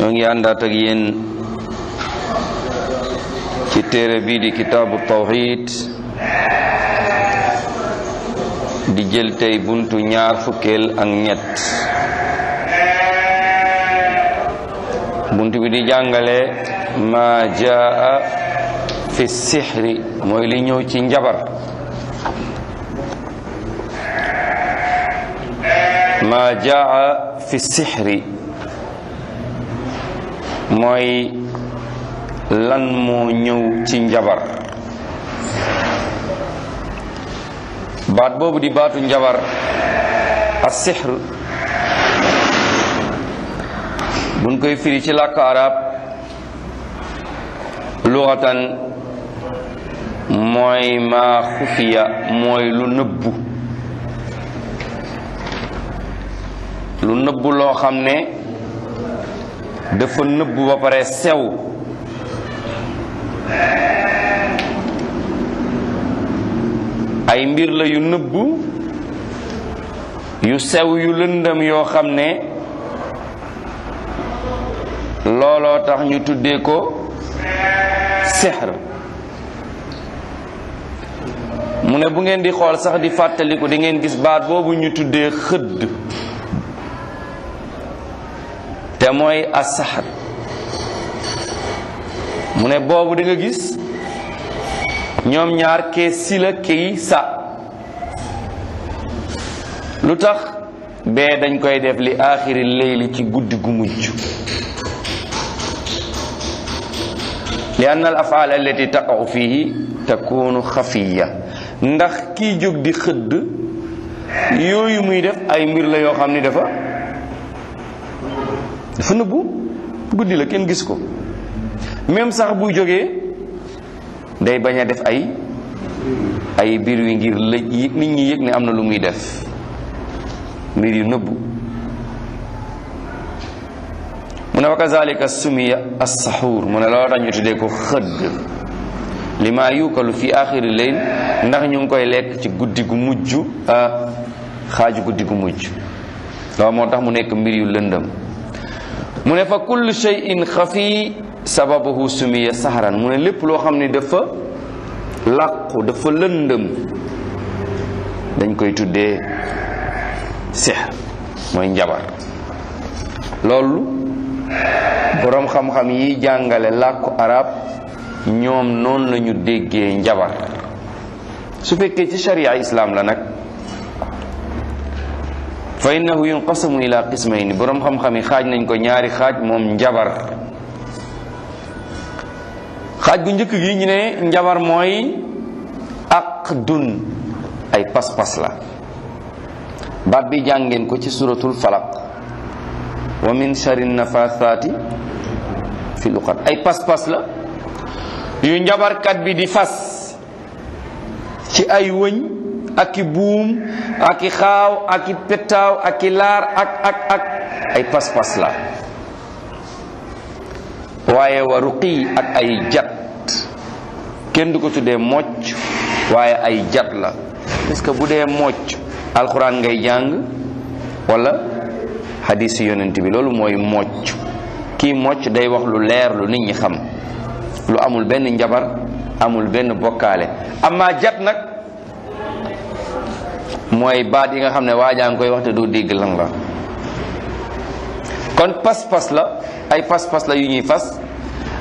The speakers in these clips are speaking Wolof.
ñoo ngi àndaat ak ci téere bii di kitaabu tawxiid di jël buntu ñaar fukkeel ak ñett buntu bi di jàngale maa jaa fi sixri mooy li ñëw ci njabar maa jaa fi sixri mooy lan moo ñëw ci njabar baat boobu di baatu njabar as-sihr buñ koy firi ci làkk arab luxatan mooy maa xufiya mooy lu nëbbu lu nëbbu loo xam ne dafa nëbbu ba pare sew ay mbir la yu nëbbu yu sew yu lëndëm yoo xam ne looloo tax ñu tuddee ko sexr mu ne bu ngeen di xool sax di fàttaliku di ngeen gis baat boobu ñu tuddee xëdd te mooy asaxar mu ne boobu da gis ñoom ñaar kee si la sa lu tax bee dañ koy def li aaxiri leyli ci guddi gu mujj li anna al afaal allati taqa'u fihi takunu xafiya ndax kii jóg di xëdd yooyu muy def ay mbir la yoo xam ni dafa dafa nëbbu guddi la kenn gis ko même sax buy jógee day bañ a def ay ay biir wi ngir lëj nit ñi yëg ne am na lu muy def mbir yu nëbbu mu ne wa kazalika sumiya assaxuur mu ne loola tax ñu tuddee ko xëdd li maa yuukalu fi axiri leyl ndax ñu ngi koy lekk ci guddi gu mujj ah, xaaju guddi gu mujj loolu moo tax mu nekk mbir yu lëndëm mu ne fa kullu shay'in xafi sababuhu sumiya saharan mu ne lépp loo xam ne dafa làqu dafa lëndëm dañ koy tuddee sixr mooy njabar loolu boroom xam-xam yi jàngale làkku arab ñoom noonu lañu déggee njabar su fekkee ci sharia islam la nag fa innahu yunqasimu ila qismayni boroom xam-xam yi xaaj nañ ko ñaari xaaj moom njabar xaaj bu njëkk gi ñu ne njabar mooy aqdun ay pas-pas la baat bi jàngeen ko ci suuratul falaq wa min shari nafathaati fi luqat ay pas-pas la yu njabarkat bi di fas ci ay wëñ ak i buum ak i xaaw ak i pettaaw ak i laar ak ak ak ay pas-pas la waaye wa ruqi ak ay jat kenn du ko tuddee mocc waaye ay jat la parce que bu dee mocc alxuraan ngay jàng wala xadiis yonent bi loolu mooy mocc kii mocc day wax lu leer lu nit ñi xam lu amul benn njabar amul benn bokkaale amaa jat nag mooy baat yi nga xam ne waajaa ngi koy waxte te du dégg lan la kon pas-pas la ay pas-pas la yu ñuy fas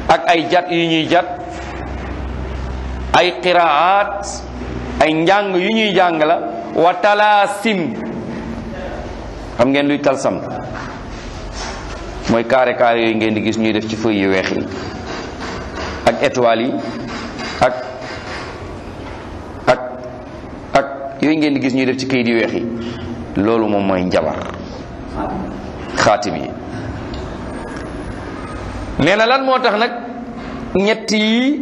ak ay jat yu ñuy jat ay qiraat ay njàng yu ñuy jàng la wa talaasim xam ngeen luy talsam mooy carré carré yooyu ngeen di gis ñuy def ci feuilles yu weex yi ak étoiles yi yooyu ngeen di gis ñuy def ci kayit yu weex yi loolu moom mooy njabar xaatim yi nee na lan moo tax nag ñett yi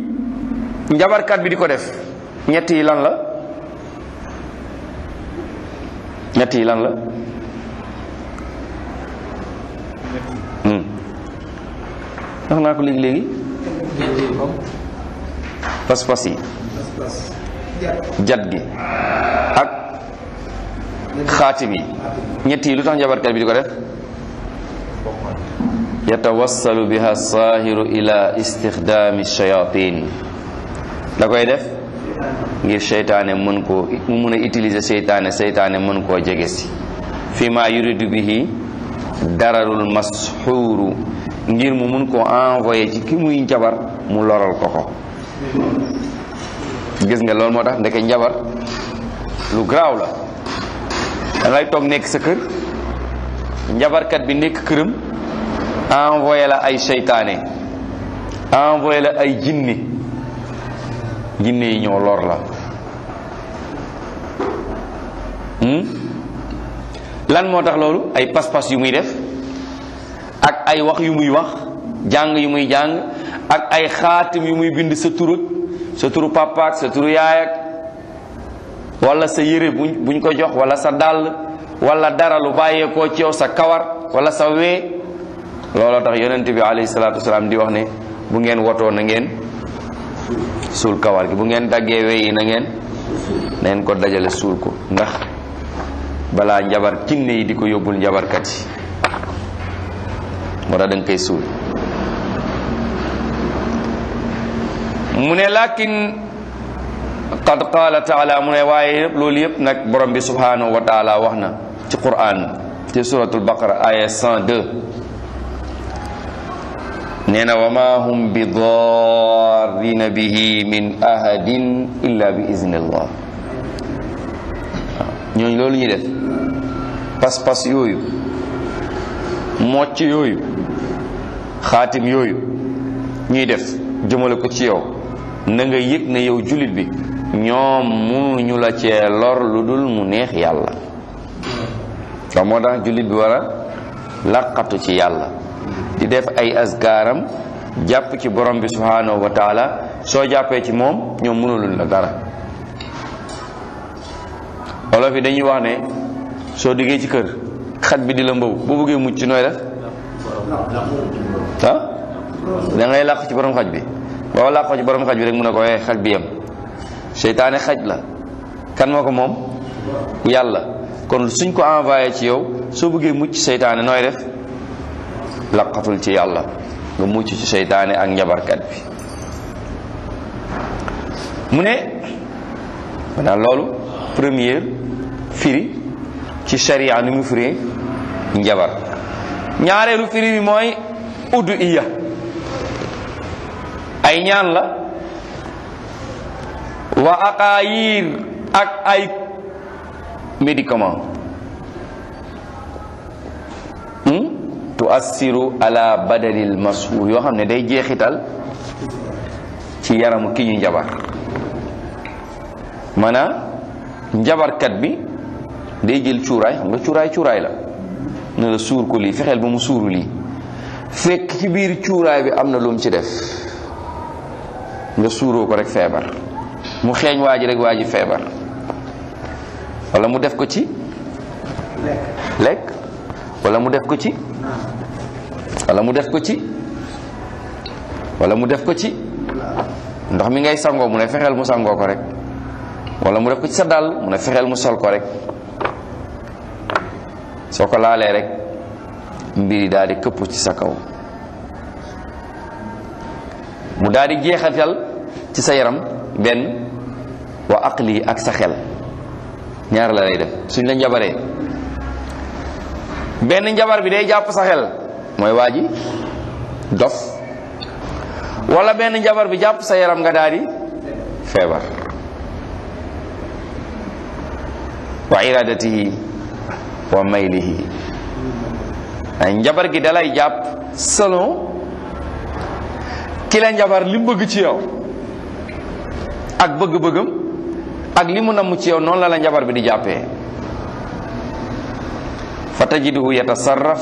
njabarkat bi di ko def ñett yi lan la ñett yi lan la hmm. wax naa ko léegi léegi pas-pas yi jat gi ak xaatim ñett yi lu tax njabarkat bi di ko def yatawassalu biha saahiru ila istixdaami shayatin da koy def ngir seytaane mën koo mu mën a utiliser seytaane seytaane mën koo jege si fi ma yuridu bihi dararul masxuuru ngir mu mën ko envoyé ci ki muy njabar mu loral ko ko gis nga lool moo tax ndeke njabar lu garaaw la da toog nekk sa kër njabarkat bi nekk këram envoyé la ay seytaane envoyé la ay jinne jinne yi ñoo lor la hmm? lan moo tax loolu ay pas-pas yu muy def ak ay wax yu muy wax jàng yu muy jàng ak ay xaatim yu muy bind sa turut sa turu papa ak sa wala sa yére buñ buñ ko jox wala sa dàll wala dara lu bàyyeekoo ci yow sa kawar wala sa wee looloo tax yonent bi alayhi salaatu wasalaam di wax ne bu ngeen wotoo na ngeen suul kawar gi bu ngeen daggee wee yi na ngeen na ngeen ko dajale suul ko ndax balaa njabar kinne yi di ko yóbbul njabarkat yi moo tax da nga koy suul mu ne lakin qad qaala taala mu ne waaye yëpp loolu yëpp nag borom bi subhanahu wa taala wax na ci quran ci suratul baqara aya 102 nee na wa ma hum bi darrina bihi min ahadin illa bi iznillah ñooñu loolu ñuy def pas-pas yooyu mocc yooyu xaatim yooyu ñuy def jëmale ko ci yow na nga yëg ne yow jullit bi ñoom munuñu la cee lor lu dul mu neex yàlla ndax moo tax jullit bi war a laqatu ci yàlla di def ay askaaram jàpp ci borom bi subhanahu wa soo jàppee ci moom ñoom mënuluñ la dara olof yi dañuy wax ne soo diggee ci kër xaj bi di la mbaw boo bëggee mucc nooy def ah làq ci borom xaj bi ba walla ko ci borom xaj bi rek mu ne ko waaye eh, xaj bi yem seytaane xaj la kan ma ko moom yàlla kon suñ ko envoyé ci yow soo bëggee mucc seytaane nooy def laqatul ci yàlla nga mucc ci seytaane ak njabarkat bi mu ne maanaam loolu première firi ci sharia ni mu firee njabar ñaareelu firi bi mooy udd iya ay ñaan la wa aqaayir ak ay médicament hmm? tu assiru ala badalil masu yoo xam ne day jeexital ci yaramu ki ñu njabar maanaam njabarkat bi day jël cuuraay xam nga cuuraay cuuraay la ne la suur ko lii fexeel ba mu suuru lii fekk ci biir cuuraay bi am na lu ci def nga suuroo ko rek feebar mu xeeñ waa ji rek waa ji feebar walla mu def ko ci lekk walla mu def ko ci wala mu def ko ci wala mu def ko ci ndox mi ngay sangoo mu ne fexeel mu sangoo ko rek walla mu def ko ci sa dàll mu ne fexeel mu sol ko rek soo ko laalee rek mbir yi daal di ci sa kaw mu daal di jeexatal ci sa yaram benn wa aqli ak sa xel ñaar la lay def suñ la njabaree benn njabar bi day jàpp sa xel mooy waa ji dof walla benn njabar bi jàpp sa yaram nga daal di feebar wa iradatihi wa maylihi ay njabar gi dalay jàpp selon ki la njabar li mu ci yow ak bëgg-bëggam ak li mu namm ci yow noonu la la njabar bi di jàppee fa tajiduhu yatasarraf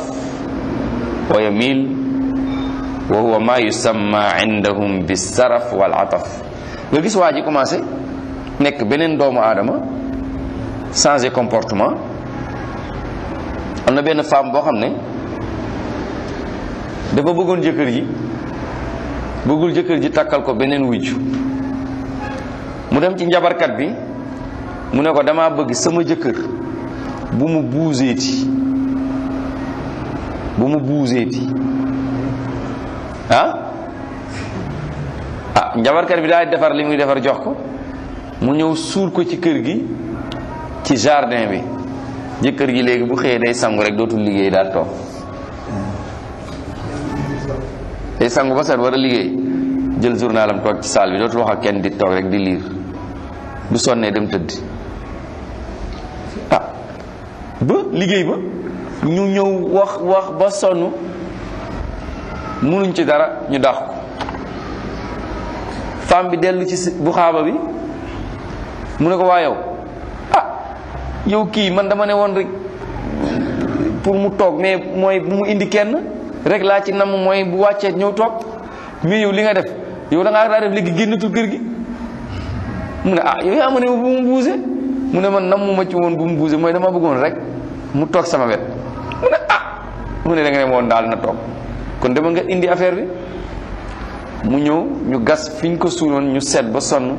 wa yamil wa huwa ma yusamma indahum bisaraf wal ataf nga waa ji commencé nekk beneen doomu aadama changer comportement am na benn femme boo xam ne dafa bëggoon jëkkër ji bëggul jëkkër ji takkal ko beneen wujju mu dem ci njabarkat bi mu ne ko damaa bëgg sama jëkkër bu mu buuseeti bu mu buuseeti ah ah njabarkat bi daay defar li muy defar jox ko mu ñëw suul ko ci kër gi ci jardin bi jëkkër gi léegi bu xëyee day sangu rek dootul liggéey daal toog day sangu ba set war a liggéey jël journalam toog ci salle bi dootul wax ak kenn di toog rek di liir du sonnee dem tëdd ah ba liggéey ba ñu ñëw wax wax ba sonn mënuñ ci dara ñu dax ko femme bi dellu ci bu xaaba bi mu ne ko waa yow ah yow kii man dama ne woon rek pour mu toog mais mooy bu mu indi kenn rek laa ci nam mooy bu wàccee ñëw toog mais yow li nga def yow da ngaa daa def léegi génnatul kër gi mu ne ah yow yaa ne ma bu mu buuse mu ne man nam mu ma ci woon bu mu buuse mooy dama bëggoon rek mu toog sama wet mu ne ah mu ne da ne woon daal na toog kon dama nga indi affaire bi mu ñëw ñu gas fi ñu ko suuloon ñu seet ba sonn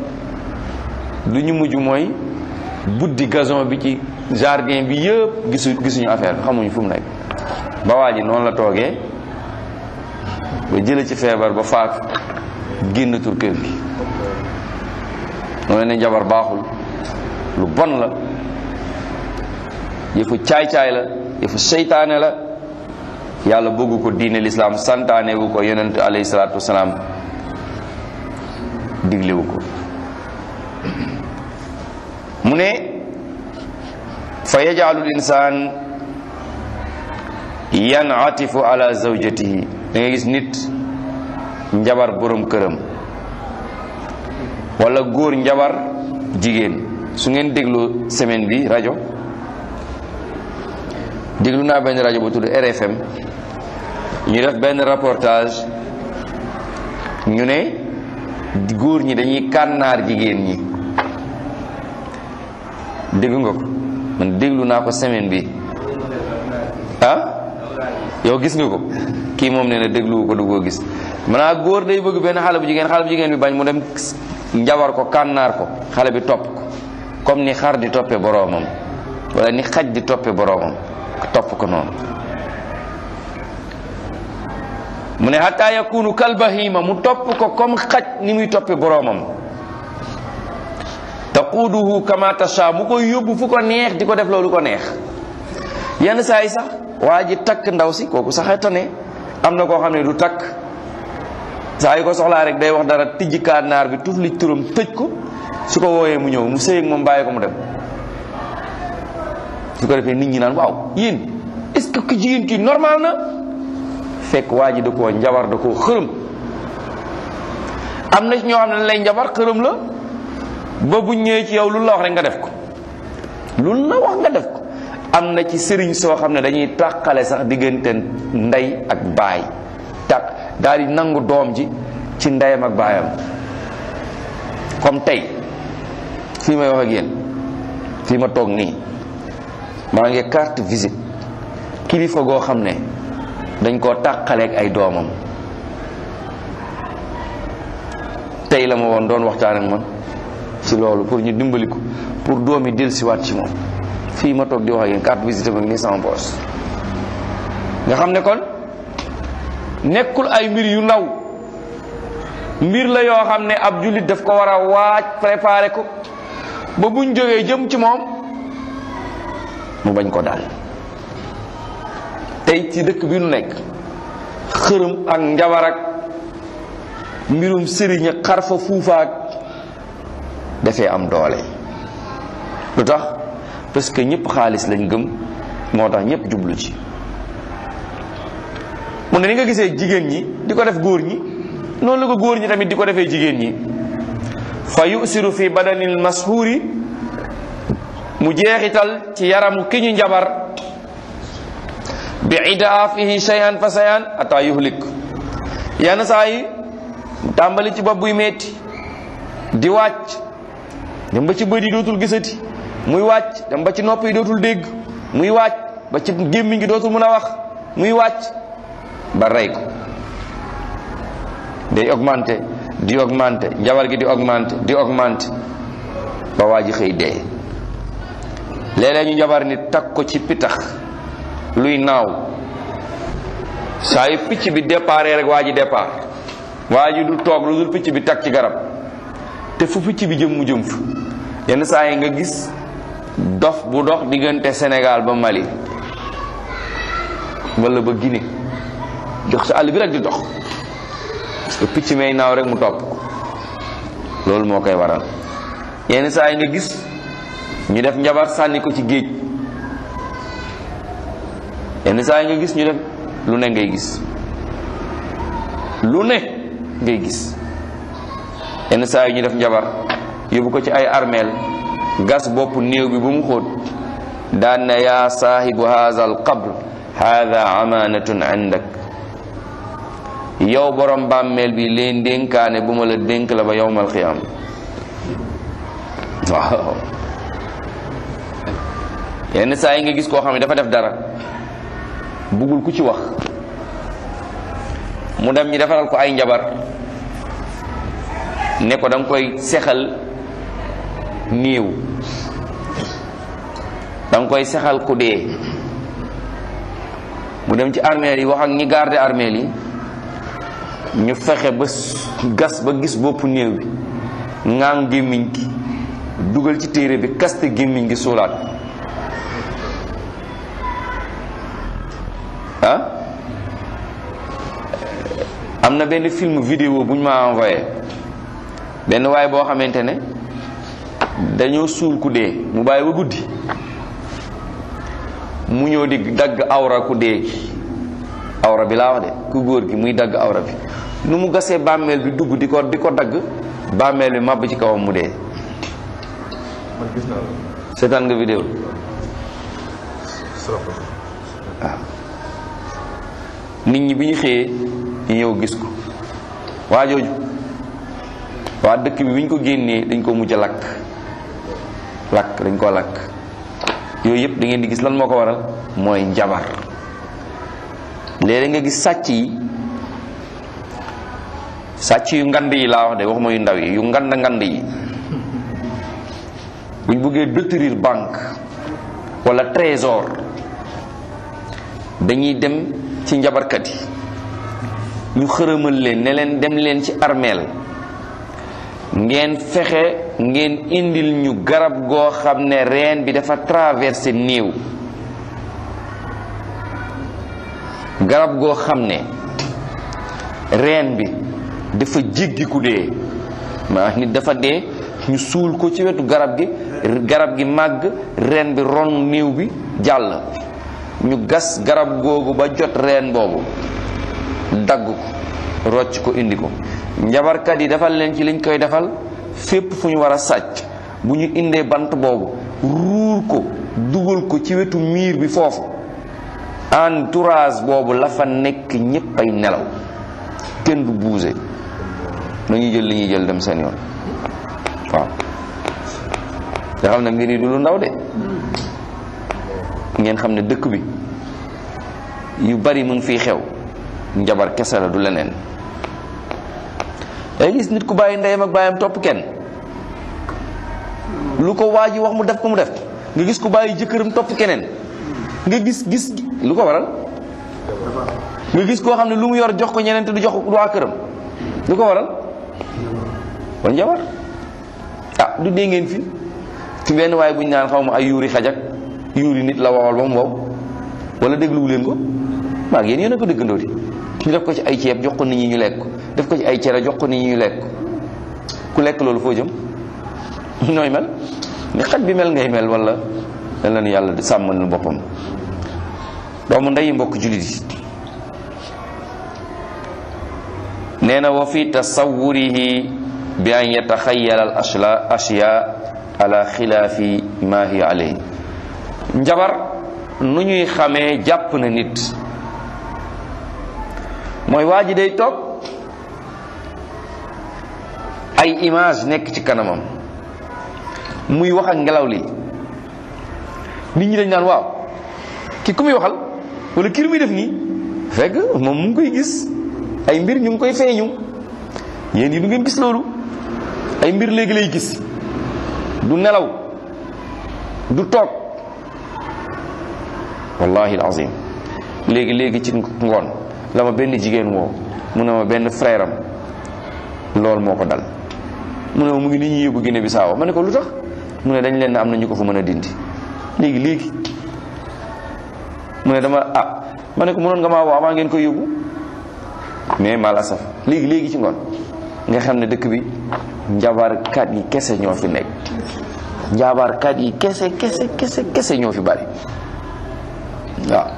lu ñu mujj mooy buddi gason bi ci jardin bi yëpp gisu gisuñu affaire bi xamuñu fu mu nekk ba waa ji noonu la toogee ba jële ci feebar ba faatu génn tur kër gi mu ne ne njabar baaxul lu bon la yëfu caay-caay la yëfu seytaane la yàlla bëggu ko diine lislaam santaane ko yonent alayhi salaatu wasalaam diglewu ko mu ne fa yajaalul insaan yanatifu ala zawjatihi da gis nit njabar borom këram wala góor njabar jigéen su ngeen dégloo semaine bi rajo déglu naa benn rajo bu tudd RFM ñu def benn reportage ñu ne góor ñi dañuy kànnaar jigéen ñi déglu nga ko man déglu naa ko semaine bi ah yow gis nga ko kii moom nee na dégluwu ko du koo gis maanaam góor day bëgg benn xale bu jigéen xale bu jigéen bi bañ mu dem njawar ko kànnaar ko xale bi topp ko comme ni xar di toppee boroomam wala ni xaj di toppee boroomam topp ko noonu mu ne hatta yakunu kal bahima mu topp ko comme xaj ni muy toppee boroomam taquuduhu kamata tasha mu koy yóbbu fu ko neex di ko def loolu ko neex yenn saa yi sax waa ji takk ndaw si kooku sax tane am na koo xam ne du takk saa yu ko soxlaa rek day wax dara tijji kaanaar bi tuf li turam tëj ko su ko wooyee mu ñëw mu sëy ak moom bàyyi ko mu dem su ko defee nit ñi naan waaw yéen est ki jigéen kii normal na fekk waa ji da koo njabar da koo xërëm am na ci ñoo xam ne lay njabar xërëm la ba bu ñëwee ci yow lu la wax rek nga def ko lu la wax nga def ko am na ci sëriñ soo xam ne dañuy tàqale sax diggante ndey ak baay daal di nangu doom ji ci ndeyam ak baayam comme tey fii may wax ak fii ma toog nii maa ngi carte visite kilifa goo xam ne dañ koo tàqaleeg ay doomam tey la ma woon doon waxtaan ak man ci loolu pour ñu dimbali ko pour doom yi dellusiwaat ci moom fii ma toog di wax ak yéen carte visite mag nii sama poche nga xam ne kon. nekkul ay mbir yu ndaw mbir la yoo xam ne ab jullit daf ko war a waaj préparé ko ba buñ jógee jëm ci moom mu bañ ko daal tey ci dëkk bi nu nekk xërëm ak njabar ak mbirum sëriñ ak fa fuufaak dafee am doole lu tax parce que ñëpp xaalis lañ gëm moo tax ñëpp jublu ci mu ne ni nga gisee jigéen ñi di ko def góor ñi noonu la ko góor ñi tamit di ko defee jigéen ñi fa yusiru fi badanil mashuuri mu jeexital ci yaramu ki ñu njabar bi idaafihi shay'an fa shay'an ata yuhlik yenn saa yi tàmbali ci bopp buy metti di wàcc dem ba ci bët yi dootul gisati muy wàcc dem ba ci nopp dootul dégg muy wàcc ba ci gémmiñ gi dootul mën a wax muy wàcc ba rey ko day augmenté di augmenté njabar gi di augmenté di augmenté ba waa ji xëy dee léeg ñu njabar ni tag ko ci pitax luy naaw saa yu picc bi déparé rek waa ji départ waa ji du toog lu dul picc bi takk ci garab te fu picc bi jëm mu jëm fu yenn saa yi nga gis dof bu dox diggante Sénégal ba Mali wala ba Guinée jox ci àll bi rek di dox parce picc may naaw rek mu topp loolu moo koy waral yenn saa yi nga gis ñu def njabar sànni ko ci géej yenn saa yi nga gis ñu def lu ne ngay gis lu ne ngay gis yenn saa yi ñu def njabar yóbbu ko ci ay armeel gas bopp néew bi bu mu xóot daan na yaa saahibu haazal qabr haada amaanatun indak yow borom bàmmeel bi leen dénkaane bu ma la dénk la ba yowmal xiyaam waaw yenn saa yi nga gis koo xam ne dafa def dara buggul ku ci wax mu dem ñi defaral ko ay njabar ne ko danga koy sexal néew da koy sexal ku dee mu dem ci armeel yi wax ak ñi garde armeel yi ñu fexe ba gas ba gis boppu néew bi ŋaam gémmiñ gi dugal ci téere bi kaste gémmiñ gi suulaat ah? am na benn film vidéo bu ñu ma envoyé benn waay boo xamante ne dañoo suul ku dee mu bàyyi ba guddi mu ñëw di dagg awra ku dee awra bi laa wax de ku góor gi muy dagg awra bi ni mu gasee bàmmeel bi dugg di ko di ko dagg bàmmeel bi màbb ci kawam mu dee seetaan nga vidéo bi nit ñi bi ñu xëyee ñu ñëw gis ko waa jooju waa dëkk bi bi ñu ko génnee dañ ko mujj a lakk lakk dañ ko lakk yooyu yëpp dangeen di gis lan moo ko waral mooy njabar léeg nga gis sàcc yi sàcc yu ngand yi laa wax de waxuma yu ndaw yi yu ngand ngand yi buñ buggee détruire banque wala trésor dañuy dem ci njabarkat yi ñu xërëmal leen ne leen dem leen ci armeel ngeen fexe ngeen indil ñu garab goo xam ne reen bi dafa traversé néew garab goo xam ne reen bi dafa jiggi ku dee maanaam nit dafa dee ñu suul ko ci wetu garab gi garab gi màgg reen bi ron néew bi jàll ñu gas garab googu ba jot reen boobu dagg ko rocc ko indi ko njabarkat yi defal leen ci lañ koy defal fépp fu ñu war a sàcc bu ñu indee bant boobu ruur ko dugal ko ci wetu miir bi foofu entourage boobu la fa nekk ñépp ay nelaw kenn du buuse lu jël li ñuy jël dem seen yoon waaw nga xam ne mbir yi du lu ndaw de ngeen xam ne dëkk bi yu bari mu ngi xew njabar kese la du leneen day nit ku bàyyi ndeyam ak bàyyam topp kenn lu ko waa ji wax mu def ko mu def nga gis ku bàyyi jëkkëram topp keneen nga gis gis lu ko waral nga gis koo xam ne lu mu yor jox ko ñeneen te du jox ko waa këram lu ko waral ko njabar ah du dee ngeen fi ci benn waaye buñ naan xaw ma ay yuuri xajak yuuri nit la wawal ba mu wow wala dégluwu leen ko maa ngi yéen yéen a ko dëggandoo di ñu ko ci ay ceeb jox ko nit ñi ñu lekk def ko ci ay cere jox ko nit ñi ñu lekk ku lekk loolu foo jëm nooy mel ni xaj bi mel ngay mel wala mel na nu yàlla di sàmmal nu boppam doomu ndeyi mbokk jullit yi nee na wa fi tasawurihi bi an yataxayala al asla asiya ala xilaafi ma hi alayhi njabar nu ñuy xamee jàpp na nit mooy waa ji day toog ay image nekk ci kanamam muy wax ngelaw li nit ñi dañ daan waaw ki ku muy waxal wala kii muy def nii fekk moom mu ngi koy gis ay mbir ñu ngi koy feeñu yéen yi du ngeen gis loolu ay mbir léegi lay gis du nelaw du toog wallahi alazim léegi léegi ci ngoon la ma benn jigéen woo mu ne ma benn frère am loolu moo ko dal mu ne mu ngi ni ñuy yóbbu bi Bissau ma ne ko lu tax mu ne dañ leen am na ñu ko fa mën a dindi léegi léegi mu ne dama ah ma ne ko mënoon nga maa woo avant ngeen ko yóbbu mais malasaf léegi léegi ci ngoon nga xam ne dëkk bi njabarkat yi kese ñoo fi nekk njabarkat yi kese kese kese kese ñoo fi bari waaw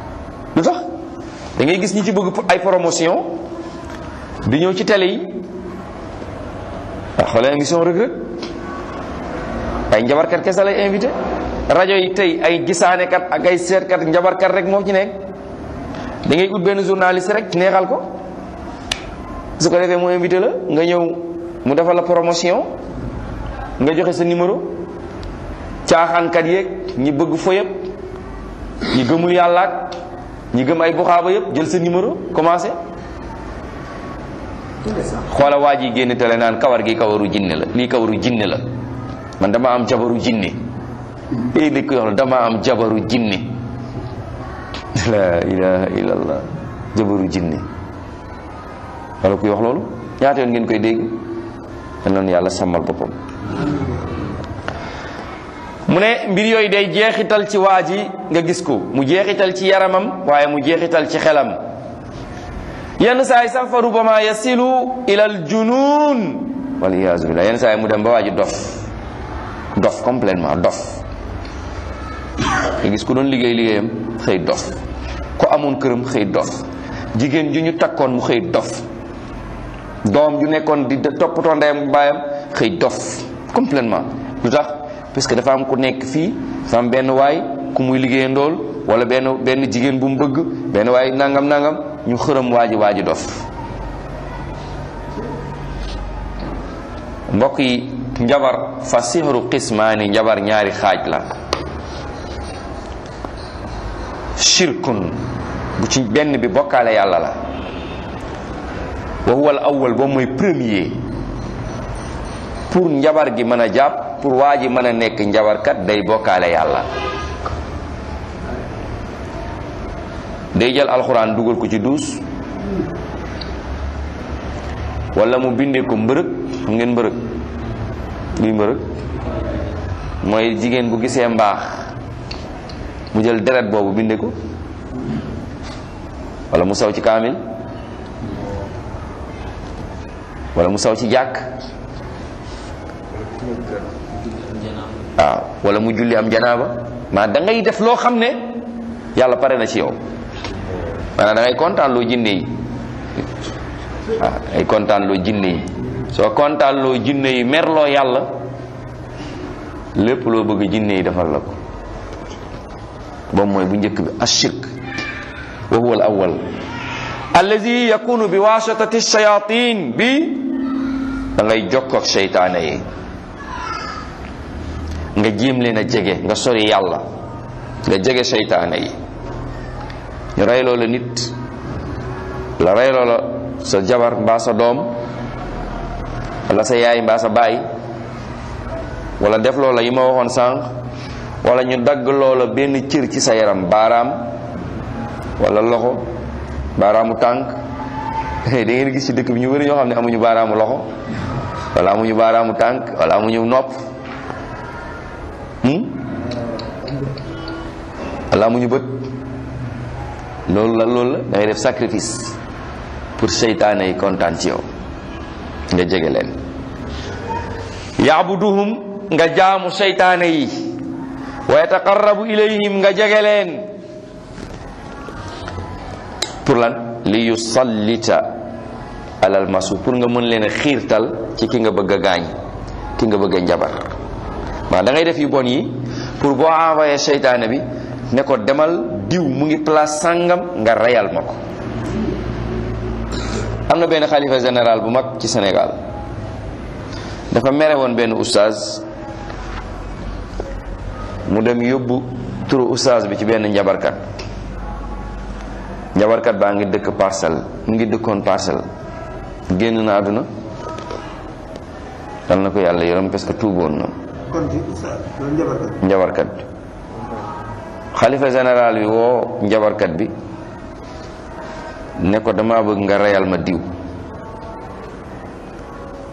lu tax da gis ñi ci bëgg ay promotion di ñëw ci tele yi waaw xoolee émission Reug Reug ay njabarkat kese lay invité rajo yi tey ay gisaanekat ak ay seetkat njabarkat rek moo ci nekk dangay ngay ut benn journaliste rek neexal ko su ko defee mu invité la nga ñëw. mu defal la promotion nga joxe sa numéro caaxaankat yeeg ñi bëgg fo yëpp ñi gëmul yàlla ñi gëm ay buxaaba yëpp jël sa numéro commencé. xoola waa ji génn tele naan kawar gi kawaru jinne la lii kawaru jinne la man dama am jabaru jinne eh li ko yox dama am jabaru jinne la ilaha illallah jabaru jinne wala ku yox loolu ñaata yoon ngeen koy dégg. te noonu yàlla sàmmal boppam mu ne mbir yooyu day jeexital ci waa ji nga gis ko mu jeexital ci yaramam waaye mu jeexital ci xelam yenn saa yi sax fa rubama yasilu ilal junun wal iyaazu billah yenn saa yi mu dem ba waa ji dof dof complètement dof nga gis ku doon liggéey liggéeyam xëy dof ko amoon këram xëy dof jigéen ju ñu takkoon mu xëy dof doom ju nekkoon di toppatoo ndeyam baayam xëy dof complètement lu tax parce que dafa am ku nekk fii dafa am benn waay ku muy liggéeya ndool wala benn benn jigéen bu mu bëgg benn waay nangam nangam ñu xërëm waaju waaji dof mbokk yi njabar fa sihru qismaani njabar ñaari xaaj la shirkun bu ci benn bi bokkaale yàlla la wa huwa al awwal boobu mooy premier pour njabar gi mën a jàpp pour waa ji mën a nekk njabarkat day bokkaale yàlla day jël alxuraan dugal ko ci duus wala mu bindee ko mbërëg xam ngeen mbërëg luy mbërëg mooy jigéen bu gisee mbaax mu jël deret boobu bindee ko walla mu saw ci kaamil wala mu saw ci jàkk waaw ah, wala mu julli am janaaba maa dangay def loo xam ne yàlla pare na ci yow maanaam da ngay kontaan jinne yi waaw ah, ay kontaan loo jinne yi soo kontaanloo jinne yi merloo yàlla lépp loo bëgg jinne yi defal la ko boobu mooy bu njëkk bi ashirk wa huwa al awwal allazi yakunu bi wasatati shayatin bi da jokk ak seytaane yi nga jéem leen a jege nga sori yàlla nga jege seytaane yi ñu reyloo la nit la reyloo la sa jabar mbaa sa doom wala sa yaay mbaa sa baay wala def loola yi ma waxoon sànq wala ñu dagg loola benn cër ci sa yaram baaraam wala loxo baaraamu tànk da ngeen gis ci dëkk bi ñu bëri ñoo xam ne amuñu baaraamu loxo wala amuñu baaraamu tànk wala amuñu nopp hmm? wala amuñu bët loolu la loolu la da def sacrifice pour seytaane yi kontaan ci yow nga jege leen yaabuduhum nga jaamu seytaane yi wa yataqarrabu ilayhim nga jege leen pour lan li yusallita alal masu pour nga mën leen xiirtal ci ki nga bëgg gaañ ki nga bëgg njabar waa dangay def yu bon yi pour boo envoyé seytaane bi ne ko demal diw mu ngi place sàngam nga reyal ma ko am na benn xalifa général bu mag ci Sénégal dafa mere woon benn oustaz mu dem yóbbu turu oustaz bi ci benn njabarkat njabarkat baa ngi dëkk parcelle mu ngi dëkkoon parcel génn na àdduna dal na ko yàlla yërëm parce que tuuboon na njabarkat bi xalifa général bi woo njabarkat bi ne ko dama bëgg nga reyal ma diw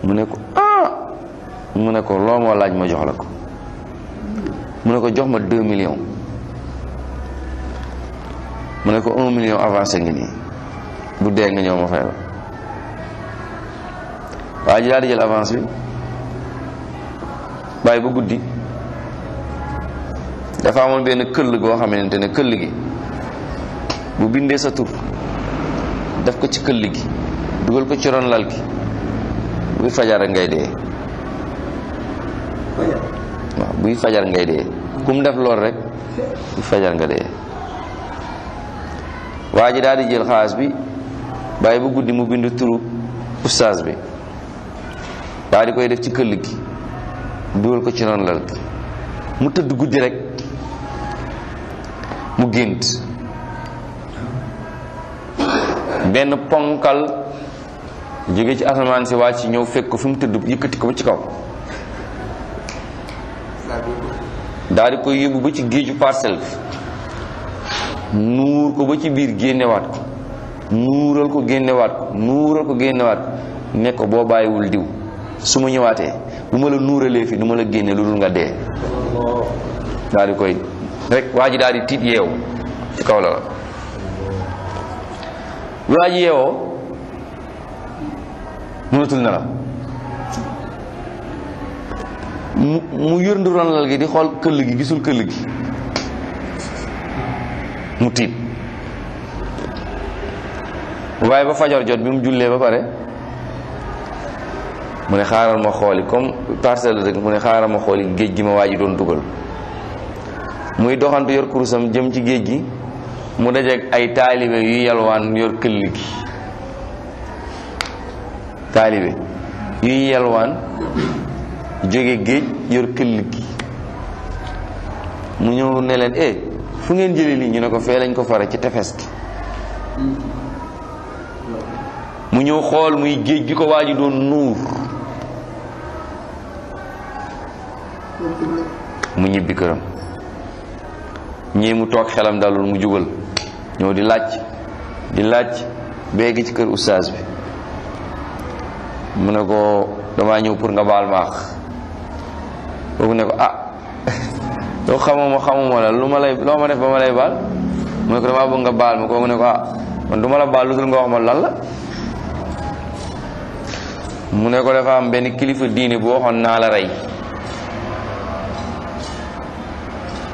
mu ne ko ah mu ne ko loo moo laaj ma jox la ko mu ne ko jox ma deux millions mu ne ko un million avancé ngi nii bu dee nga ñëw ma fay la waa ji daal jël avance bi bàyyi ba guddi dafa amoon benn këll goo xamante ne këll gi bu bindee sa tur def ko ci këll gi dugal ko ci ron lal gi buy fajar ngay dee waaw buy fajar ngay dee kum def lool rek buy fajar nga dee waa ji daal di jël xaalis bi bàyyi bu guddi mu bind turu ustaas bi daal di koy def ci këll gi dugal ko ci noonu lal gi mu tëdd guddi rek mu gént benn ponkal jóge ci asamaan si waa ci ñëw fekk ko fi mu tëdd yëkkati ko ba ci kaw daal koy yóbbu ba ci géeju parcelle nuur ko ba ci biir génnewaat ko nuural ko génnewaat ko nuural ko génnewaat ne ko boo bàyyiwul diw su ma ñëwaatee bu ma la nuuralee fi du ma la génne lu dul nga dee daal di koy rek waa ji daal di tiit yeewu ci kaw la la waa ji yeewoo mënatul nelaw mu mu yërndu ronlal gi di xool këll gi gisul këll gi mu tiit waaye ba fajar jot bi mu jullee ba pare mu ne xaaral ma xooli comme parcelle rek mu ne xaaral ma xooli géej gi ma waa ji doon dugal muy doxantu yor kurusam jëm ci géej gi mu dajeeg ay taalibe yu yalwaan yor këll gi taalibe yuy yalwaan jóge géej yor këll gi mu ñëw ne leen eh, fu ngeen jëlee lii ñu ne ko fee lañ ko fare ci tefes gi mu ñëw xool muy géej gi ko waa ji doon nuur mu ñibbi këram ñii mu toog xelam dalul mu jubal ñëw di laaj di laaj beegi ci kër ustaas bi mu ne ko dama ñëw pour nga baal maax kooku ne ko ah doo xamuma xamuma la lu ma lay loo ma def ba ma lay baal mu ne ko damaa bëgg nga baal ma kooku ne ko ah man du ma la baal lu dul nga wax ma lan la mu ne ko dafa am benn kilifa diine bu waxoon naa la rey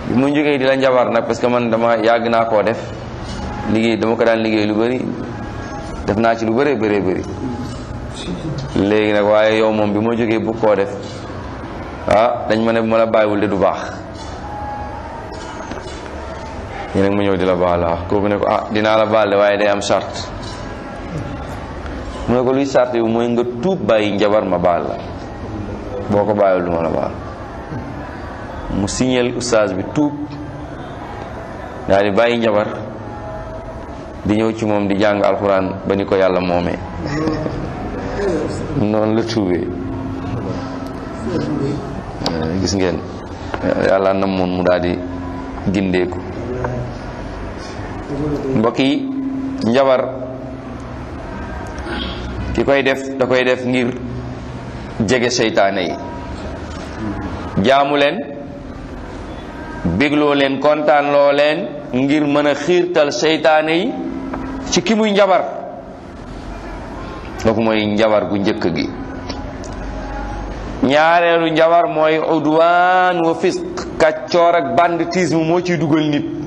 bi mu jógee di la njabar nag parce que man dama yàgg naa koo def liggéey dama ko daan liggéey lu bari def naa ci lu bëree bari léegi nag waaye yow moom bi ma jógee bu koo def ah dañ ma ne bu ma la bàyyiwul de du baax ñu nag mu ñëw di la baal wax ah, kooku ne ko ah dinaa la baal de waaye day am sart mu ne ko luy sart bi mooy nga tuub bàyyi njabar ma baal la boo ko bàyyiwul du ma mu signal ustaas bi tuub daal di bàyyi njabar di ñëw ci moom di jàng alxuraan ba ni ko yàlla moomee noonu la tuubee gis ngeen yàlla namoon mu daal di gindeeku mbokk yi njabar ki koy def da koy def ngir jege seytaane yi jaamu leen bégloo leen kontaanloo leen ngir mën a xiirtal seytaane yi ci ki muy njabar kooku mooy njabar gu njëkk gi ñaareelu njabar mooy udwaan wa fisq kàccoor ak banditisme moo ciy dugal nit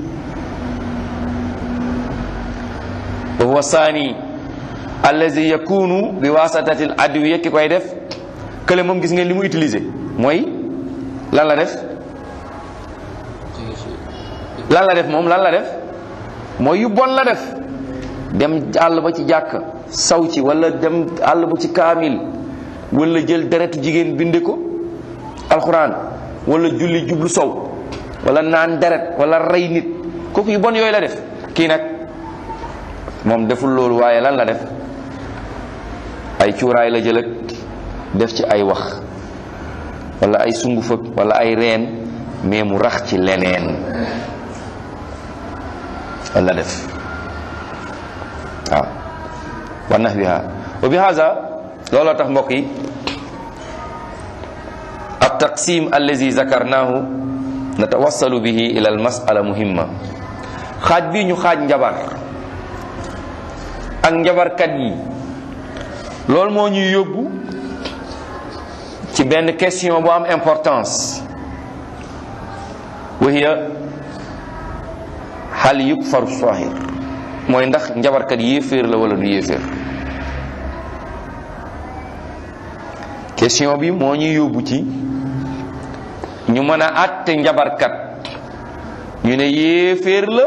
wa huwa saani allazi yakunu bi wasatatil adwiya ki koy def kële gis ngeen li mu utiliser mooy lan la def lan la def moom lan la def mooy yu bon la def dem àll ba ci jàkk saw ci wala dem àll ba ci kaamil wala jël deretu jigéen binde ko alxuraan walla julli jublu sow walla naan deret wala rey nit kooku yu bon yooyu la def kii nag moom deful loolu waaye lan la def ay cuuraay la jël def ci ay wax wala ay sungufak walla ay reen mais mu rax ci leneen lan la def waaw wa nahwiha wa bi haza looloo tax mbokk yi at taqsim allazi zakarnahu natawassalu bi ila al mas'ala muhimma xaaj bi ñu xaaj njabar ak njabarkat yi loolu moo ñuy yóbbu ci benn question bu am importance wa hiya hal yukfaru sahir mooy ndax njabarkat yéeféer la wala du yéeféer question bi moo ñuy yóbbu ci ñu mën a àtte njabarkat ñu ne yéeféer la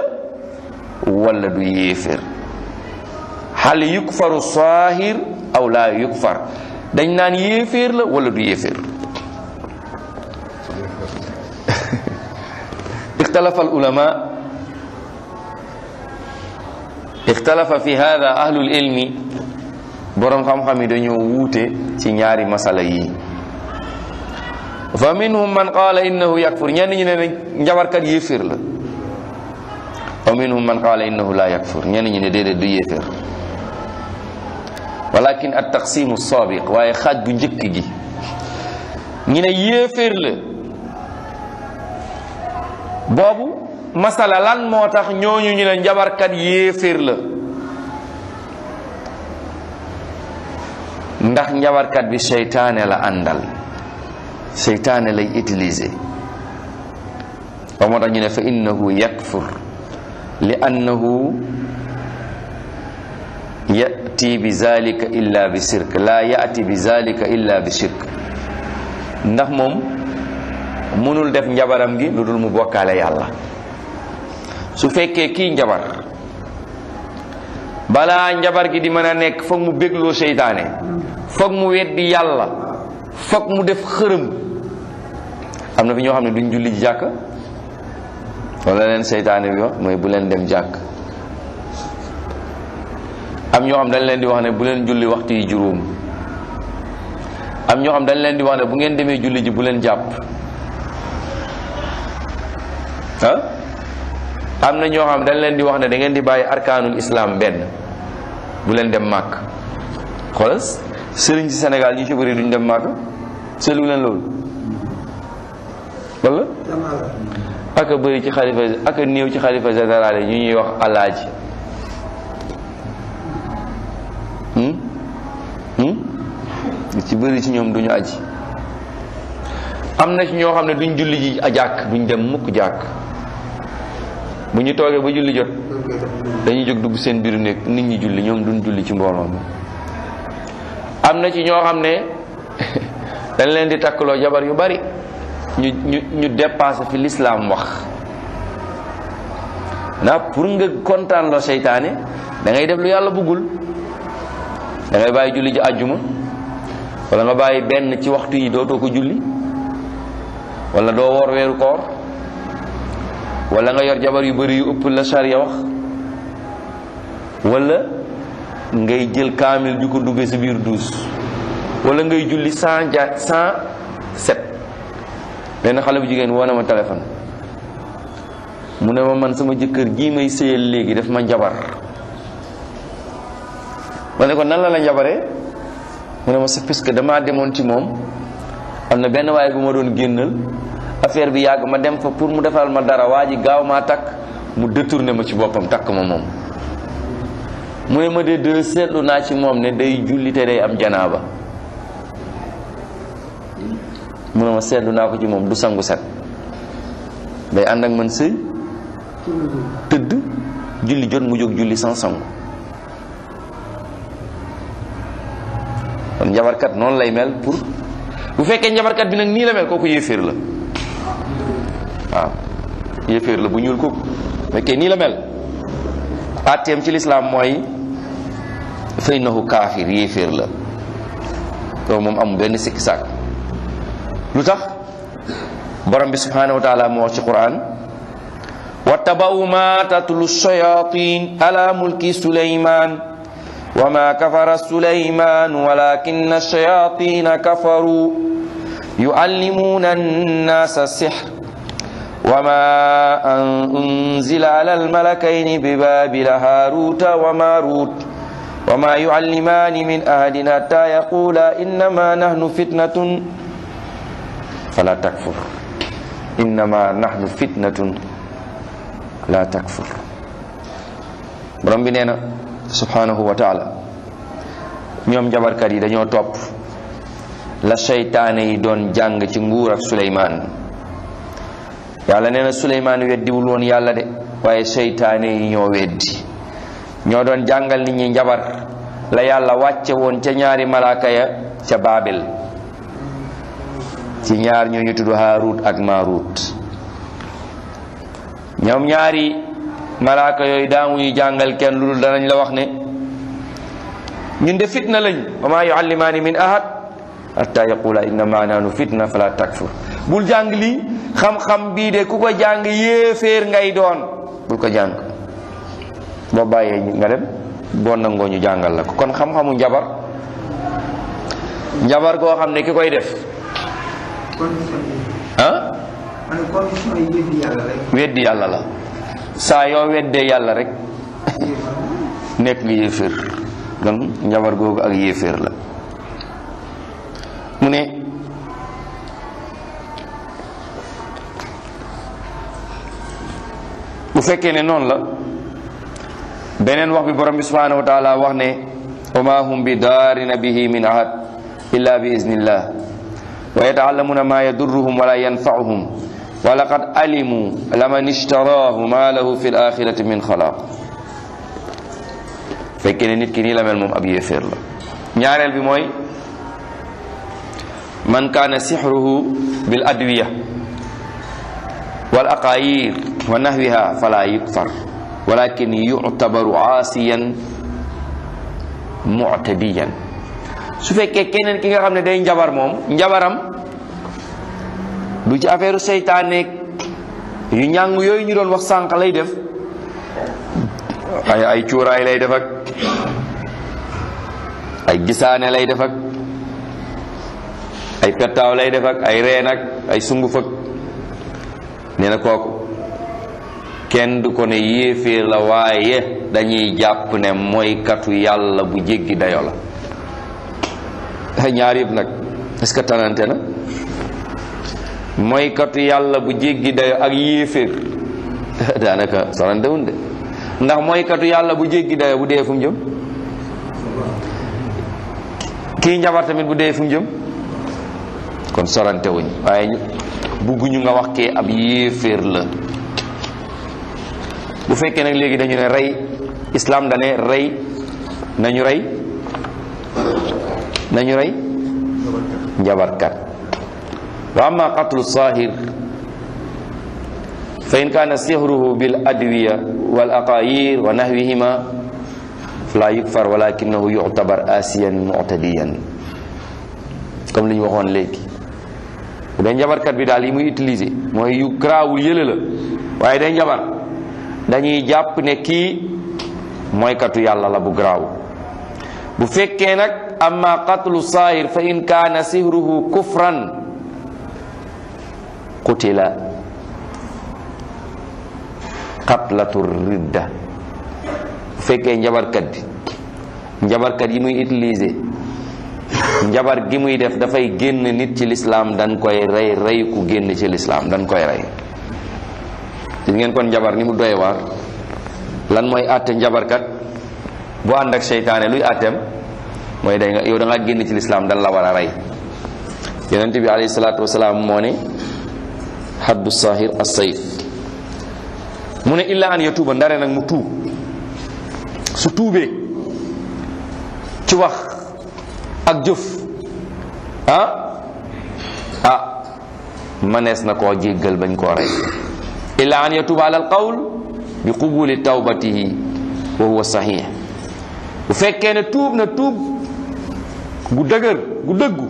wala du yéeféer hal yukfaru saahir aw laa yukfar dañ naan yéeféer la wala du yéeféer ixtalafa al ulama fi hada ahlul ilmi boroom xam-xam yi dañoo wuute ci ñaari masala yi fa minhum man qaala innahu yakfur ñenn ñi ne ne njabarkat yéeféer la wa minhum man qaala innahu laa yakfur walakin at taqsimu saabiq waaye xaaj bu njëkk gi ñu ne yéeféer boobu masala moo tax ñooñu ñu ne njabarkat yéeféer la ndax njabarkat bi seytaane la àndal seytaane lay utiliser ba moo tax ñu ne fa innahu yakfur li annahu ya'ti bizalika illa bi shirk la ya'ti bizalika illa bi shirk ndax moom mënul def njabaram gi lu dul mu bokkaale yàlla su fekkee kii njabar balaa njabar gi di mën a nekk foog mu bégloo seytaane foog mu weddi yàlla foog mu def xërëm am na fi ñoo xam ne duñ julli jàkk wala leen seytaane bi wax mooy bu leen dem jàkk am ñoo xam dañ leen di wax ne bu leen julli waxtu yi juróom am ñoo xam dañ leen di wax ne bu ngeen demee julli ji bu leen jàpp am na ñoo xam dañ leen di wax ne dangeen di bàyyi arkaanul islaam benn bu leen dem màkk xoolal sëriñ ci Sénégal ñu ci bari duñ dem màkk seetlu leen loolu wala aka bëri ci xalifa aka néew ci xalifa général ñu ñuy wax alaaji bëri ci ñoom duñu aji am na ci ñoo xam ne duñ julli ji a jàkk duñ dem mukk jàkk bu ñu toogee ba julli jot dañuy jóg dugg seen biiru néeg nit ñi julli duñ julli ci mbooloo mi am na ci ñoo xam ne dañ leen di takkloo jabar yu bari ñu ñu ñu dépassé lislaam wax ndax pour nga seytaane da ngay yàlla bëggul da ngay bàyyi wala nga bàyyi benn ci waxtu yi dootoo ko julli walla doo woor weeru koor wala nga yor jabar yu bari yu ëpp la charia wax wala ngay jël kaamil ju ko duggee ci biir duus walla ngay julli cent ja cent sept benn xale bu jigéen woo na ma téléphone mu ne ma man sama jëkkër jii may séyal léegi daf ma njabar ma ne ko nan la la njabaree mu ne ma sa puisque damaa demoon ci moom am na benn waaye bu ma doon génnal affaire bi yàgg ma dem fa pour mu defal ma dara waa ji gaaw maa takk mu détourné ma ci boppam takk ma moom mu ne ma de de seetlu naa ci moom ne day julli te day am janaaba mu ne ma seetlu naa ko ci moom du sangu set day ànd ak man sëy tëdd julli jot mu jóg julli sans sangu njabarkat noonu lay mel pour bu fekkee njabarkat bi nag nii la mel kooku yéeféer la waaw yéeféer la bu ñuul kooku fekkee nii la mel atteem ci lislaam mooy fa innahu kaafir yéeféer la loolu moom amul benn sikki sàkk lu tax borom bi subhanahu wa taala moo wax ci mulki suleyman وما كفر سليمان ولكن الشياطين كفروا يعلمون الناس السحر وما أنزل على الملكين ببابل هاروت وماروت وما يعلمان من أحد حتى يقولا إنما نحن فتنة فلا تكفر إنما نحن فتنة لا تكفر borom bi nee na subhanahu wa taala ñoom njabarkat yi dañoo topp la seytaane yi doon jàng ci nguura ak suleymaan yàlla nee na suleymaan weddiwul woon yàlla de waaye seytaane yi ñoo weddi ñoo doon jàngal nit ñi njabar la yàlla wàcce woon ca ñaari malaaka ya ca baabel ci ñaar ñoo ñu tudd haarut ak maarut ñoom ñaari malaaka yooyu daamuy jàngal kenn lu dul danañ la wax ne ñun de fitna lañ wa maa yuallimaani min ahad hatta yaqula inna maanaanu fitna fala takfur bul jàng lii xam-xam bii de ku ko jàng yéeféer ngay doon bul ko jàng boo bàyyee nga dem boo nangoo ñu jàngal la ko kon xam-xamu njabar njabar goo xam ne ki koy def ah weddi yàlla la saa yoo weddee yàlla rek nekk nga yéeféer donc njabar googu ak yéeféer la mu ne bu fekkee ne noonu la beneen wax bi borom bi subhanahu wa taala wax ne wa ma hum bi daarina bihi min ahad illa bi iznillah wa yataallamuna ma yadurruhum wala yanfauhum wa laqad alimu laman ishtaraahu maa lahu fi l-axirati min xalaaq fekkee ne nit ki nii la mel moom ab yéeféer la ñaareel bi mooy man kaana sixruhu bil adwiya wal aqaayir wa nahwiha fala yukfar walakin yuctabaru aasiyan muctadiyan su fekkee keneen ki nga xam ne day njabar moom njabaram du ci affaire seytaaneeg yu ñàng yooyu ñu doon wax sànq lay def ay ay cuuraay lay defak ay gisaane lay defak ak ay pettaaw lay defak ak ay reen ak ay sunguf ak nee na kooku kenn du ko ne yéeféer la waaye dañuy jàpp ne mooykatu yàlla bu jéggi dayo la ñaar yëpp nag est-ce que tanante na moykatu yàlla bu jéggi dayo ak yéeféer daanaka sorantewun de ndax moykatu yàlla bu jéggi dayo bu dee fu jëm kii njabar tamit bu dee fu jëm kon sorante wuñ waaye bugguñu nga wax kee ab yéeféer la bu fekkee nag léegi dañu ne rey islam dane rey nañu rey nañu rey njabarkat wa amma qatlu sahir fa in kaana sihruhu bil adwiya wal aqayir wa nahwihima fala yukfar walakinahu yuctabar asiyan muctadiyan comme li ñu waxoon léegi bu dee njabarkat bi daal yi muy utiliser mooy yu garaawul yële la waaye day njabar dañuy jàpp ne kii mooykatu yàlla la bu garaaw bu fekkee nag amma qatlu saahir fa in kaana sihruhu kufran qutila qatlatu ridda bu fekkee njabarkat bi njabarkat yi muy utiliser njabar gi muy def dafay génn nit ci lislaam dañ koy rey rey ku génn ci lislaam dañ koy rey gis ngeen kon njabar ni mu doy waar lan mooy àtte njabarkat boo ànd ak seytaane luy àtteem mooy day nga yow da génn ci lislaam dañ la war a rey yonent bi alayhi salaatu wasalaam moo ne haddu sahir as-sayf mu ne illa an ya ndare nag mu tuub su tuubee ci wax ak jëf ah ah mënees na koo jéggal bañ koo rey illa an ya tuuba ala al qawl bi qubuli tawbatihi wa huwa sahih bu fekkee ne tuub na tuub gu dëgër gu dëggu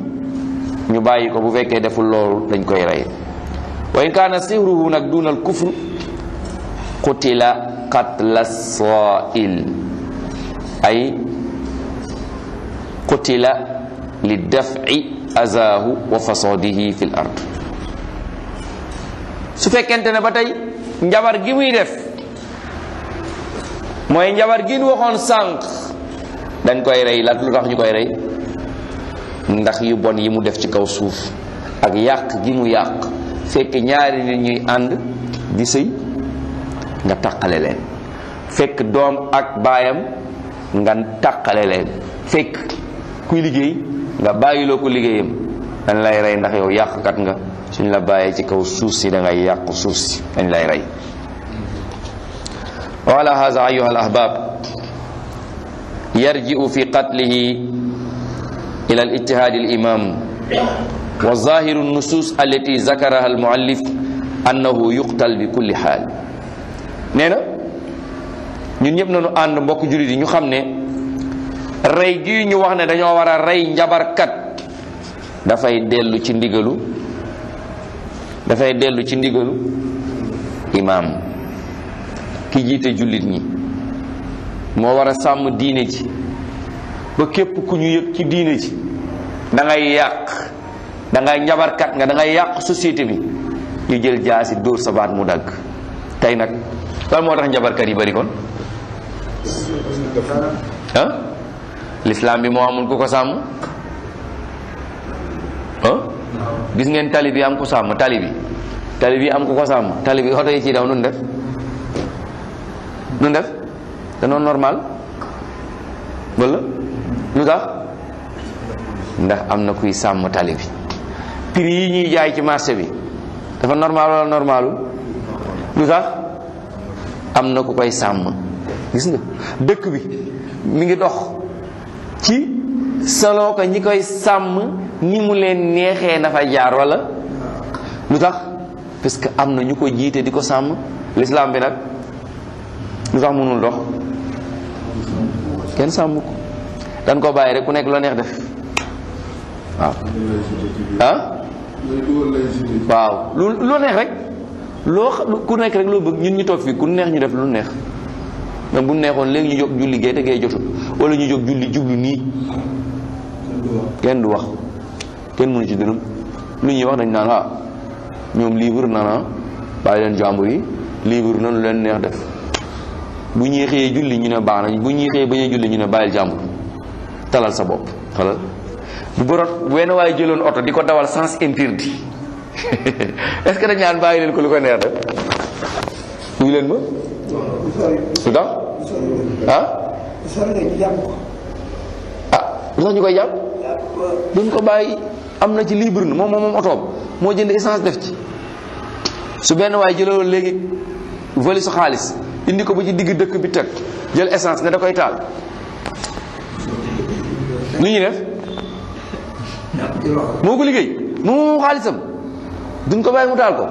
ñu bàyyi ko bu fekkee deful loolu dañ koy rey wa in kaana sihruhu nag duna al kufr qutila qatla saa'il ay qutila li daf'i azaahu wa fasadihi fi l ard su fekkente ne ba tey njabar gi muy def mooy njabar gi waxoon sànq dañ koy rey la lu tax ñu koy rey ndax yu bon yi mu def ci kaw suuf ak yàq gi mu yàq fekk ñaari nit ñuy ànd di sëy nga taqale leen fekk doom ak baayam nga taqale leen fekk kuy liggéey nga bàyyiloo ko liggéeyam dañ lay rey ndax yow yàq yàqkat nga suñ la bàyyee ci kaw suuf si da ngay yàq suuf si dañ lay rey wa ala haza ayuha al ahbab fi qatlihi ila al ijtihad wa zahiru nusus allati zakaraha al muallif annahu yuqtal bi kulli xaal nee na ñun ñëpp nañu ànd mbokk jullit yi ñu xam ne rey gi ñu wax ne dañoo war a rey njabarkat dafay dellu ci ndigalu dafay dellu ci ndigalu imaam ki jiite jullit ñi moo war a sàmm diine ji ba képp ku ñu yëg ci diine ji da yàq da ngay njabarkat nga dangay ngay yàq société bi ñu jël si dóor sa baat mu dagg tey nag lan moo tax njabarkat yi bari kon lislaam bi moo amul ku ko sàmm gis ngeen tali bi am ko sàmm tali bi tali bi am ko ko sàmm tali bi oto ciy daw def nun def danoo normal wala lu tax ndax am na kuy sàmm tali prix yi ñuy jaay ci marché bi dafa normal wala normalul lu tax am na ku koy sàmm gis nga dëkk bi mu ngi dox ci selon que ñi koy sàmm ni mu leen neexee na fa jaar wala lu tax parce que am na ñu ko jiite di ko sàmm lislaam bi nag lu tax mënul dox kenn sàmm ko dañ ko bàyyi rek ku nekk loo neex def waaw waaw lu lu neex rek loo ku nekk rek loo bëgg ñun ñu toog fii ku neex ñu def lu neex donc bu neexoon léegi ñu jot julli gay te gay jotul wala ñu jóg julli jublu nii kenn du wax kenn mënu ci dërëm lu ñuy wax dañ naan ah ñoom libre na na ah, bàyyi leen jàmbur yi libre na lu leen neex def bu ñeexee xëyee julli ñu ne baax nañ bu ñuy xëyee bañ a julli ñu ne bàyyil jàmbur talal sa bopp xalal bu borom wenn waaye jëloon oto di ko dawal sens interdit est-ce que dañ bàyyi leen ko lu ko neex rek wuyu leen ma. lu tax ah. ñu koy jàpp. duñ ko bàyyi am na ci libre na moom moom otoom moo jënd essence def ci su benn waaye jëloon léegi voli sa xaalis indi ko ba ci digg dëkk bi teg jël essence ne da koy taal lu ñu def. moo ko liggéey moom xaalisam duñ ko bàyyi mu taal ko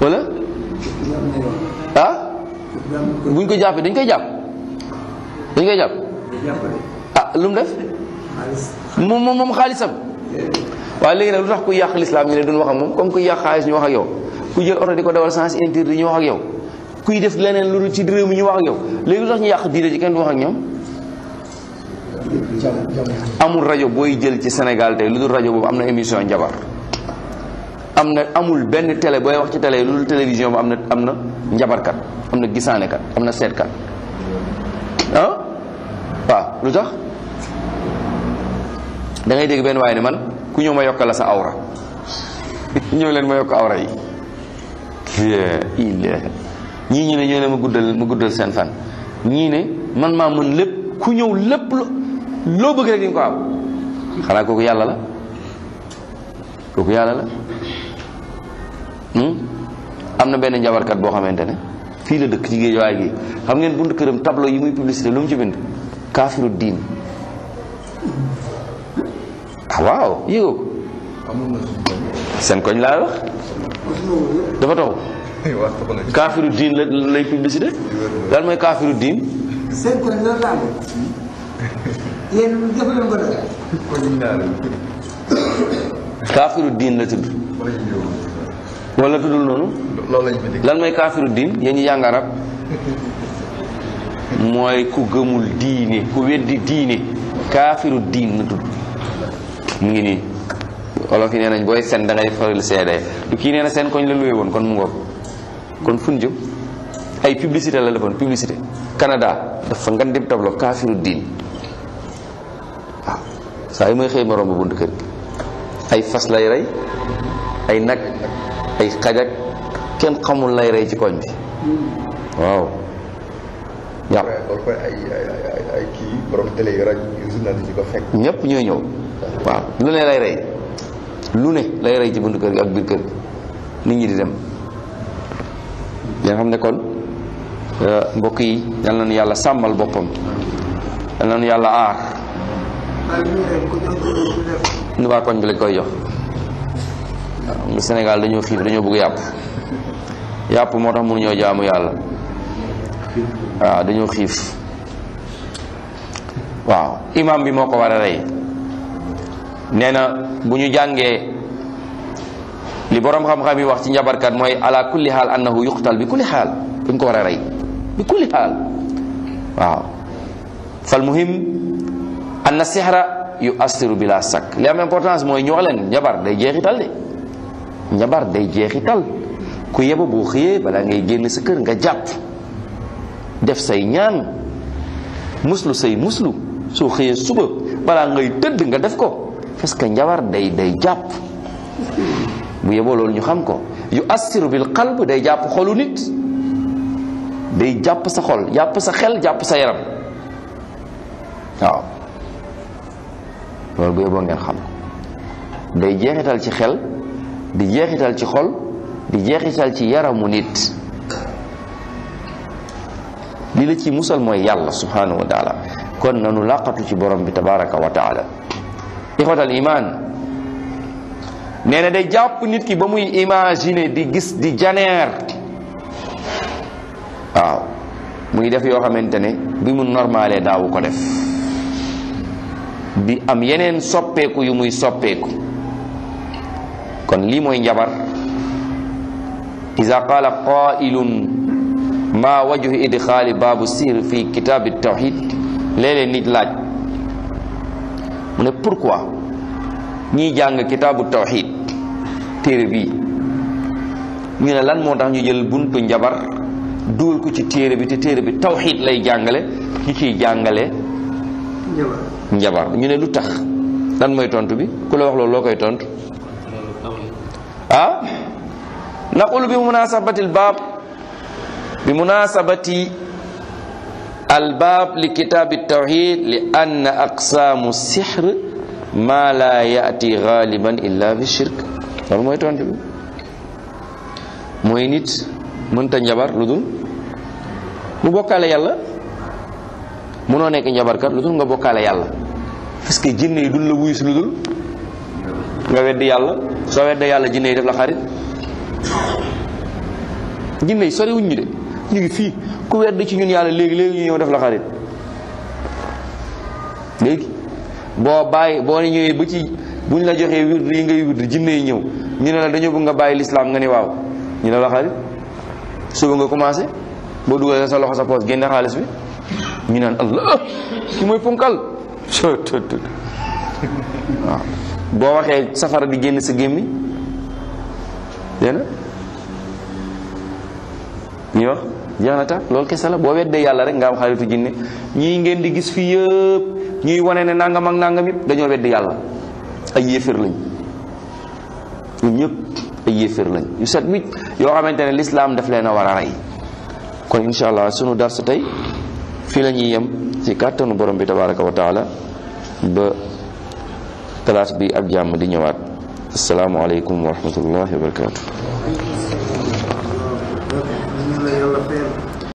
wala ah buñ ko jàppee dañ koy jàpp dañ koy jàpp ah lu mu def moom moom moom xaalisam waaye léegi nag lu tax ku yàq lislaam ñu ne duñ wax ak moom comme ku yàq xaalis ñu wax ak yow ku jël oto di ko dawal sens interdit ñu wax ak yow kuy def leneen lu dul ci réew mi ñu wax ak yow léegi lu tax ñu yàq diine ji kenn du wax ak ñoom amul rajo booy jël ci Sénégal tey lu dul rajo boobu am na émission njabar am na amul benn tele booy wax ci télé lu dul télévision bi am na am na njabarkat am na gisaanekat am na seetkat ah waaw lu tax da dégg benn waaye ne man ku ñëw ma yokkal la sa awra ñëw leen ma yokk awra yi il ñii ñu ne ñoo leen ma guddal ma guddal seen fan ñii ne man maa mën lépp ku ñëw lépp lu loo bëgg rek di ko am xanaa kooku yàlla la kooku yàlla la hmm? am na benn njabarkat boo xamante ne fii la dëkk ci géej waay gi xam ngeen buntu këram tableau yi muy publicité lu mu ci bind kaafiru diin ah, waaw yëgoo ko seen koñ laa wax dafa taxu kaafiru diin la lay publicité daal mooy kaafiru diin yéen jëf leen ko def. kaafiru diin la tudd. wala tuddul noonu. lan mooy kaafiru diin yéen ñi mooy ku gëmul diine ku weddi diine kaafiru diin la tudd mu ngi nii. olof yi nee nañ booy sen da ngay faral seede du kii nee seen koñ la luye woon kon mu kon fu ñu jëm ay publicité la defoon publicité Canada dafa ngan dem tablo kaafiru diin. saa yu may xëy ma romb bunt kër gi ay fas lay rey ay nag ay xajak kenn xamul lay rey ci koñ bi waaw yàpp ñépp ñooy ñëw waaw lu ne lay rey lu ne lay rey ci bunt kër gi ak biir kër gi nit ñi di dem yaa xam nekkoon euh, mbokk yi yal na yàlla sàmmal boppam yal na yàlla aar nu waa koñ bi lañ koy jox waaw Sénégal dañoo xiif dañoo bëgg yàpp yàpp moo tax mënuñoo jaamu yàlla waaw dañoo xiif waaw imam bi moo ko war a rey nee na bu ñu jàngee li boroom xam-xam yi wax ci njabarkat mooy ala kulli xaal annahu yuqtal bi kulli xaal dañ ko war a rey bi kulli xaal waaw fal na sihra yu astiru bila sak li am importance mooy ñu wax njabar day jeexital de njabar day jeexital ku yebu boo xëyee balaa ngay génn sa kër nga jàpp def say ñaan muslu say muslu soo xëyee suba balaa ngay tëdd nga def ko parce que njabar day day jàpp bu yeboo loolu ñu xam ko yu astiru bil qalb day jàpp xolu nit day jàpp sa xol jàpp sa xel jàpp sa yaram waaw loolu bu yóbboo ngeen xam day jeexital ci xel di jeexital ci xol di jeexital ci yaramu nit li la ci musal mooy yàlla subhanahu wa taala kon nanu làqatu ci borom bi tabaraka wa taala ixwatal iman nee na day jàpp nit ki ba muy imaginer di gis di janeer waaw muy def yoo xamante ne bi mu normalee daawu ko def bi am yeneen soppeeku yu muy soppeeku kon lii mooy njabar iza qaala qaa'ilun ma wajhu idxaali baabu sihr fi kitaabi tawxid léeg-léeg nit laaj mu ne pourquoi ñiy jàng kitaabu tawxid téere bi ñu ne lan moo tax ñu jël buntu njabar dugal ko ci téere bi te téere bi tawxid lay jàngale ñu ciy jàngale njabar ñu ne lu tax lan mooy tontu bi ku la wax loolu koy tontu ah naqulu bi munasabati albaab bi munasabati albaab li kitaabi tawxid li ann aqsaamu sixr ma la yaati galiban illa bi shirk loolu mooy tontu bi mooy nit mënta njabar lu dul mu bokkaale yàlla mënoo nekk njabarkat lu dul nga bokkaale yàlla parce que jinne yi dul la wuyu si lu dul nga wedd yàlla soo wedd yàlla jinne yi def la xarit jinne yi sori de ñu ngi fii ku wedd ci ñun yàlla léegi léegi ñu ñëw def la xarit léegi boo bàyyi boo ñëwee bu ci buñ la joxee wird yi ngay wird jinne yi ñëw ñu ne la dañoo bëgg nga bàyyi lislaam nga ni waaw ñu ne la xarit suba nga commencé boo dugalee sa loxo sa poos génne xaalis bi ñu naan allah ki mooy ponkal waaw boo waxee safara di génn sa gémmi dégg ñu wax jeex na tax loolu kese la boo weddee yàlla rek nga am xaritu jinne ñii ngeen di gis fii yëpp ñuy wane ne nangam ak nangam yëpp dañoo weddi yàlla ay yéeféer lañ ñun ñëpp ay yéeféer lañ yu set wicc yoo xamante ne lislaam daf leen a war a rey kon incha allah darsu tey fii la yem ci kàttanu borom bi tabaraka wa taala ba classe bi ak jàmm di ñëwaat asalaamualeykum wa rahmatullahi wa barakatu